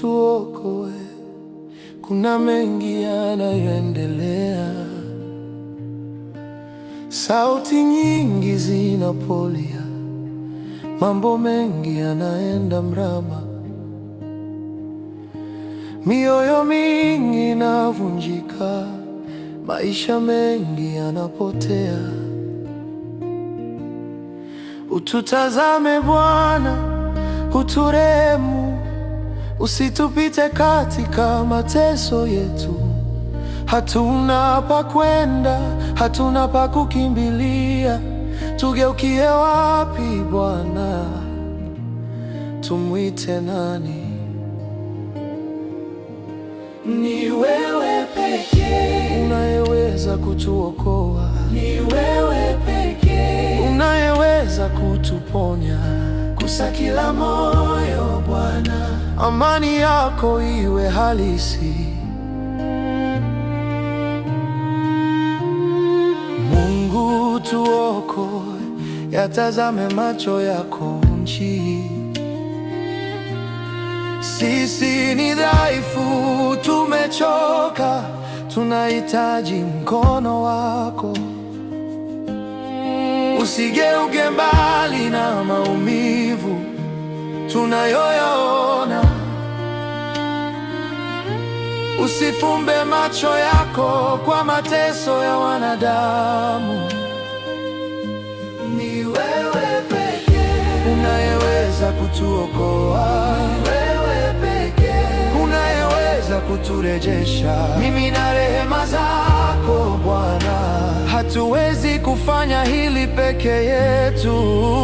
tuokoe, kuna mengi yanayoendelea. Sauti nyingi zinapolia, mambo mengi yanaenda mrama, mioyo mingi inavunjika, maisha mengi yanapotea. Ututazame Bwana, uturemu Usitupite katika mateso yetu, hatuna pa kwenda, hatuna pa kukimbilia. Tugeukie wapi Bwana? Tumwite nani? Ni wewe pekee unayeweza kutuokoa, ni wewe pekee unayeweza kutuponya, kusa kila moyo amani yako iwe halisi. Mungu tuokoe, yatazame macho yako nchi. Sisi ni dhaifu, tumechoka, tunahitaji mkono wako. Usigeuke mbali na maumivu tunayoya Usifumbe macho yako kwa mateso ya wanadamu. Ni wewe pekee unayeweza kutuokoa, ni wewe pekee unayeweza kuturejesha. Mimi na rehema zako Bwana, hatuwezi kufanya hili peke yetu.